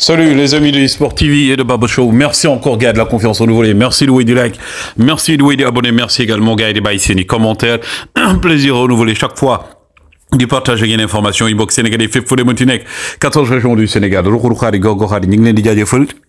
Salut les amis de Sport TV et de Babo Show. Merci encore gars de la confiance renouvelée. Merci Louis du like. Merci Louis des abonnés. Merci également Guy des bails des commentaires. Un plaisir renouvelé chaque fois du partage une information yi Sénégal et FIFO fu 14 régions du Sénégal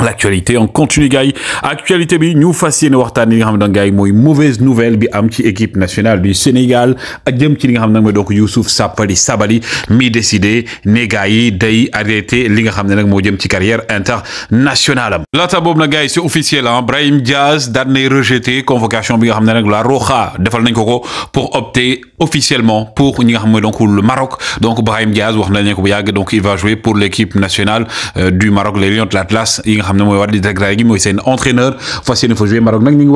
l'actualité on continue gars actualité bi ñu fas waxtaan li nga xam moy mauvaise nouvelle bi am ci équipe nationale du Sénégal ak jëm ci li nga xam donc Youssouf Sapali Sabali mi décidé ne gars day arrêté li nga xam nak mo jëm ci carrière internationale la laata boobu gars c'est officiel hein Brahim Diaz daan né rejeté convocation bi nga xam nak la Roja defal nañ ko pour opter officiellement pour ñi nga xam donc le Maroc donc Brahim Diaz wax nañ ko bu donc il va jouer pour l'équipe nationale euh, du Maroc les Lions de l'Atlas nga xam entraîneur Facile, il faut jouer Maroc nag ngi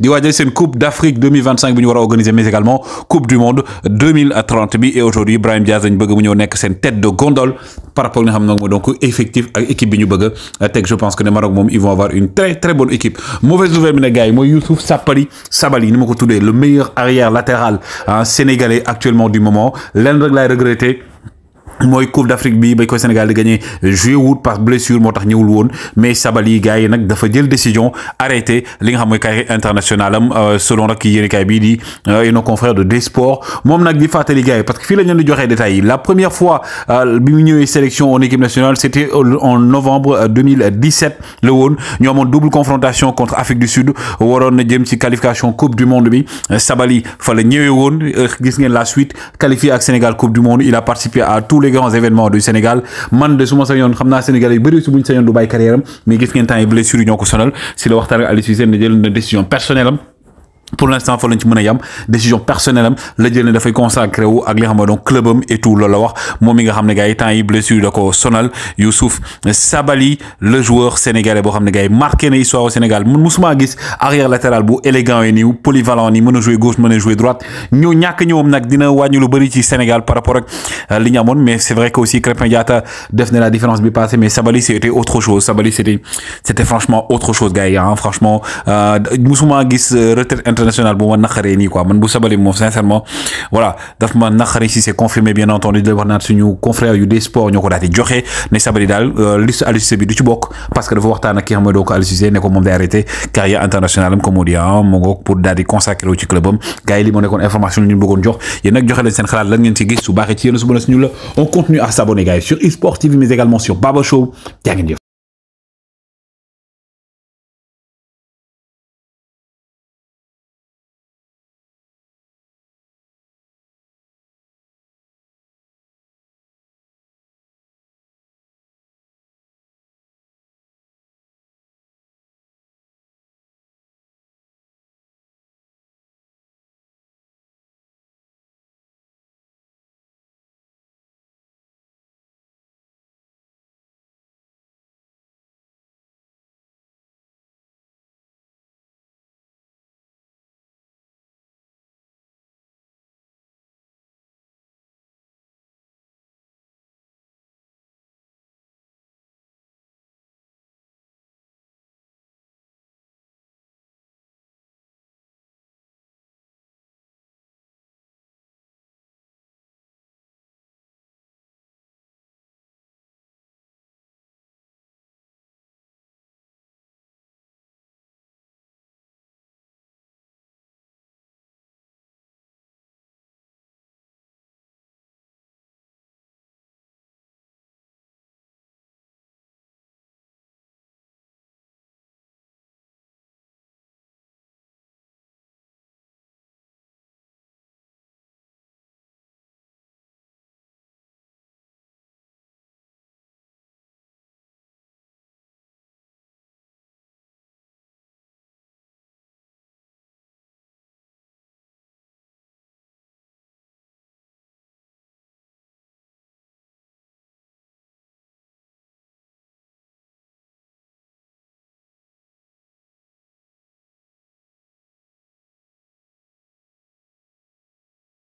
di coupe d'Afrique 2025 Nous ñu organiser mais également coupe du monde 2030 et aujourd'hui Brahim Diaz dañ bëgg mu tête de gondole par rapport à nous. donc effectif équipe bi ñu je pense que les Maroc ils vont avoir une très très bonne équipe mauvaise nouvelle gars yi Youssouf Sapali Sabali le meilleur arrière latéral hein, sénégalais actuellement du moment l'un rek laay moy coupe d'Afrique bi bañ ko Sénégal di gagné joué ou par blessure motax ñewul won mais sabali gars nak dafa jël décision arrêté li nga xam carrière internationale am euh, selon rek yene kay bi di euh, et nos confrères de desport mom nak di fatali gars parce que fi la ñu leen la première fois euh, bi mu ñëwee sélection en équipe nationale c'était en novembre 2017 le won ñu amoon double confrontation contre Afrique du Sud waron na jëm ci qualification coupe du monde bi sabali fa la ñëwee won gis ngeen la suite qualifié ak Sénégal coupe du monde il a participé à tous les les grands événements du Sénégal man de Souma ma xamna xam naa Sénégal yu bëri su buñ sañoon du bay carrière mais gis ngeen tan yi blessure ñoko sonal si la waxtaan Ali Aliou Cissé ne jël na décision personnelle pour l'instant fa lañ ci mën yam décision personnelle la jël ne fay consacré wu ak li nga xam donc club am et tout loolu la wax moom nga xam gay temps yi blessure dako sonal Youssouf sabali le joueur sénégalais bo xam gay marqué na histoire au Sénégal mun musuma gis arrière latéral bu élégant et nii polyvalent ni mën jouer gauche mën jouer droite ñu ñak ñëwam nak dina wañu lu bari ci Sénégal par rapport ak euh, li ñu mais c'est vrai que aussi Crépin Diatta def na la différence bi passé mais sabali c'était autre chose sabali c'était c'était franchement autre chose gay hein franchement euh, musuma gis euh, retraite international bu ma ni ni quoi man bu sabali mo sincèrement voilà daf ma naqari si c'est confirmé bien entendu de Bernard naan suñu confrère yu des sports ñoko ko joxe ne sabali daal euh, liste Aliou bi du ci bokk parce que dafa waxtana ki xamé xam ne doo ko Aliou Cissé arrêté carrière internationale am comme on dit ah pour d'aller consacrer au ci club am gars yi information ñu bëggon jox yéen nak joxe leen seen xalaat lan ngeen ci gis su baaxee ci yéen su la on continue à s'abonner gars sur sur sport TV mais également sur Baba Show